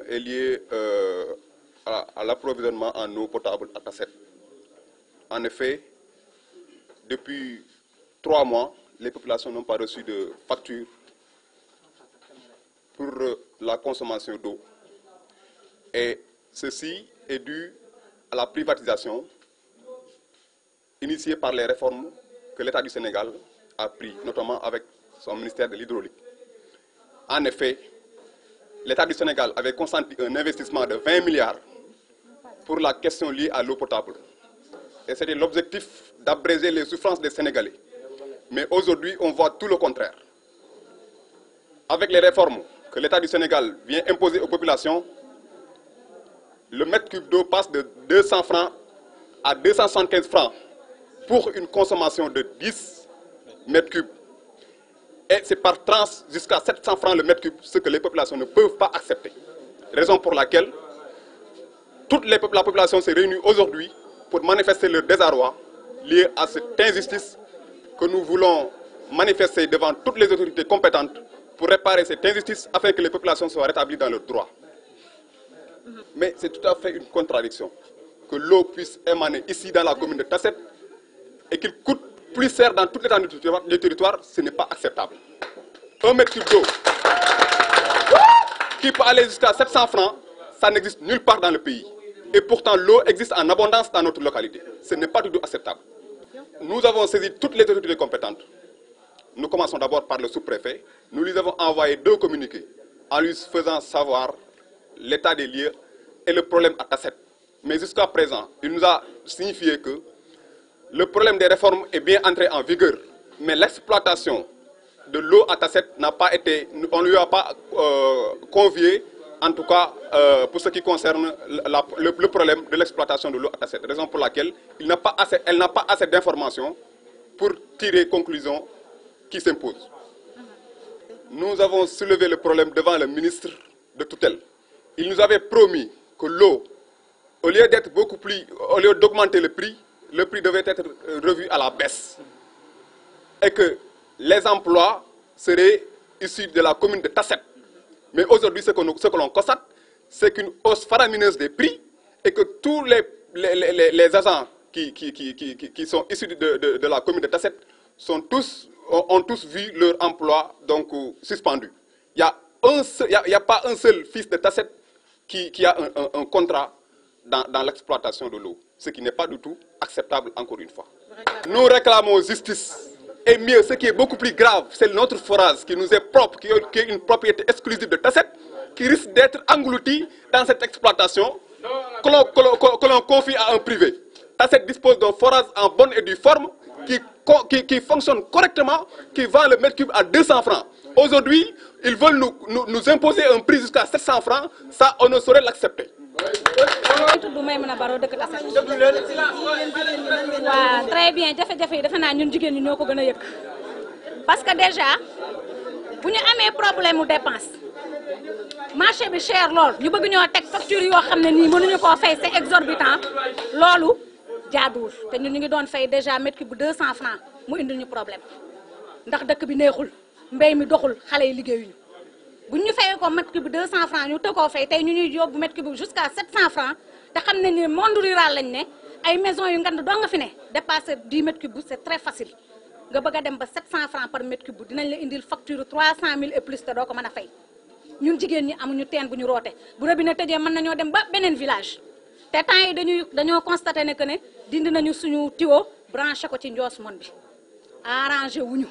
problème est lié euh, à, à l'approvisionnement en eau potable à En effet, depuis trois mois, les populations n'ont pas reçu de facture pour euh, la consommation d'eau. Et ceci est dû à la privatisation initiée par les réformes que l'État du Sénégal a pris, notamment avec son ministère de l'hydraulique. En effet, l'État du Sénégal avait consenti un investissement de 20 milliards pour la question liée à l'eau potable. Et c'était l'objectif d'abréger les souffrances des Sénégalais. Mais aujourd'hui, on voit tout le contraire. Avec les réformes que l'État du Sénégal vient imposer aux populations, le mètre cube d'eau passe de 200 francs à 275 francs pour une consommation de 10 cubes. Et c'est par tranche jusqu'à 700 francs le mètre cube, ce que les populations ne peuvent pas accepter. Raison pour laquelle toute les, la population s'est réunie aujourd'hui pour manifester leur désarroi lié à cette injustice que nous voulons manifester devant toutes les autorités compétentes pour réparer cette injustice afin que les populations soient rétablies dans leurs droits. Mais c'est tout à fait une contradiction que l'eau puisse émaner ici dans la commune de Tasset plus faire dans toute l'étendue du territoire, ce n'est pas acceptable. Un mètre cube d'eau qui peut aller jusqu'à 700 francs, ça n'existe nulle part dans le pays. Et pourtant, l'eau existe en abondance dans notre localité. Ce n'est pas tout acceptable. Nous avons saisi toutes les autorités compétentes. Nous commençons d'abord par le sous-préfet. Nous lui avons envoyé deux communiqués en lui faisant savoir l'état des lieux et le problème à Tasset. Mais jusqu'à présent, il nous a signifié que le problème des réformes est bien entré en vigueur, mais l'exploitation de l'eau à Tasset n'a pas été, on lui a pas euh, convié, en tout cas euh, pour ce qui concerne la, le, le, problème de l'exploitation de l'eau à Tasset. Raison pour laquelle il n'a pas assez, elle n'a pas assez d'informations pour tirer conclusion qui s'impose. Nous avons soulevé le problème devant le ministre de tutelle. Il nous avait promis que l'eau, au lieu d'être beaucoup plus, au lieu d'augmenter le prix, le prix devrait être euh, revu à la baisse et que les emplois seraient issus de la commune de Tassette. Mais aujourd'hui, ce que, nous, ce que l'on constate, c'est qu'une hausse faramineuse des prix et que tous les, les, les, les agents qui, qui, qui, qui, sont issus de, de, de la commune de Tassette sont tous, ont tous vu leur emploi donc, euh, suspendu. Il n'y a, pas un seul fils de Tassette qui, a un, un, un contrat dans, dans l'exploitation de l'eau. ce qui n'est pas du tout acceptable encore une fois. Nous réclamons justice. Et mieux, ce qui est beaucoup plus grave, c'est notre forage qui nous est propriété exclusive de Tasset, qui risque d'être engloutie dans cette exploitation que l'on confie à un privé. Tasset dispose d'un forage en bonne et due forme qui, qui, qui, fonctionne correctement, qui vend le mètre cube à francs. Aujourd'hui, ils veulent nous, imposer un prix jusqu'à francs. Ça, on ne saurait l'accepter. ngi tudd Maymuna Baro dëkk Tassette. waaw très bien jafe-jafe yi defe naa ñun jigéen ñi ñoo ko gën a yëkk parce que déjà bu ñu amee problème mu dépense marché bi cher lool ñu bëgg ñoo teg facture yoo xam ne nii mënuñu koo fay c'est exorbitant loolu jaaduwul te ñun ñu ngi doon fay déjà mètre cube bu 200 francs mu indil ñu problème ndax dëkk bi neexul mbey mi doxul xale yi liggéeyuñu bu ñu fayee ko mètre cube bu 200 francs ñu tëggoo fay tey ñu ñuy yóbbu mètre cube bu jusqu'à 700 francs te xam nañ ne monde rural lañ ne ay maison yu ngand doo nga fi ne dépassé 10 mètres cubes c'est très facile nga bëgg a dem ba 700 francs par mètre cube dinañ la indil facture 300000 et plus te doo ko mën a fay ñun jigéen ñi amuñu teen bu ñu roote bu robinet tëjee mën nañoo dem ba beneen village te temps yi dañuy dañoo constaté ne que ne dindi nañu suñu tuyau branché ko ci njoos mon bi arrangé wuñu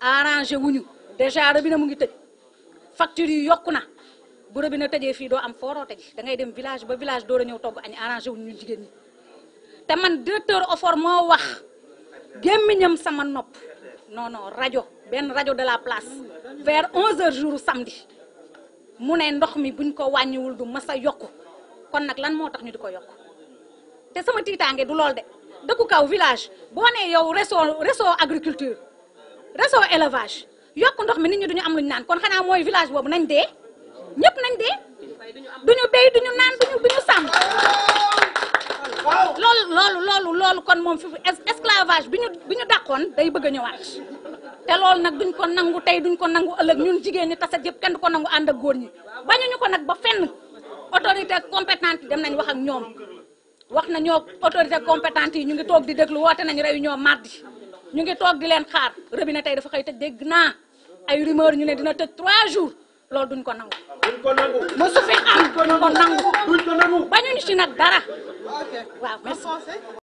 arrangé wuñu déjà robinet mu ngi tëj facture yi yokku na bu robinet tëjee fii doo am fooroote ji da ngay dem village ba village door a ñëw togg añ arrangé wuñ ñu jigéen te man directeur OFOR moo wax gémmiñam sama nopp nono non rajo benn rajo de la place vers 11h jour samedi mu ne ndox mi buñ ko wàññiwul du mas a yokku kon nag lan moo tax ñu di ko yokku te sama tiitaange du lool de dëkku kaw village boo ne yow réseau réseau agriculture réseau élevage yokku ndox mi nit ñi duñu am luñ naan kon xanaa mooy village boobu nañ dee. ñëpp nañ dee duñu béy duñu naan duñu duñu sàmm loolu loolu loolu loolu kon moom fi esclavage bi ñu bi ñu dàqoon day bëgg a ñëwaat te loolu nag duñ ko nangu tey duñ ko nangu ëllëg ñun jigéen ñi taset yëpp kenn ko nangu ànd ak góor ñi bañuñu ko nag ba fenn autorité compétente dem nañ wax ak ñoom wax na ñoo autorité compétente yi ñu ngi toog di déglu woote nañu réunion mardi ñu ngi toog di leen xaar robinet tey dafa xëy tëj dégg naa ay rumeur ñu ne dina tëj trois loolu duñ ko nangu. duñ ko nangu mosu fi am. duñ ko nangu duñ ci nag dara waaw merci.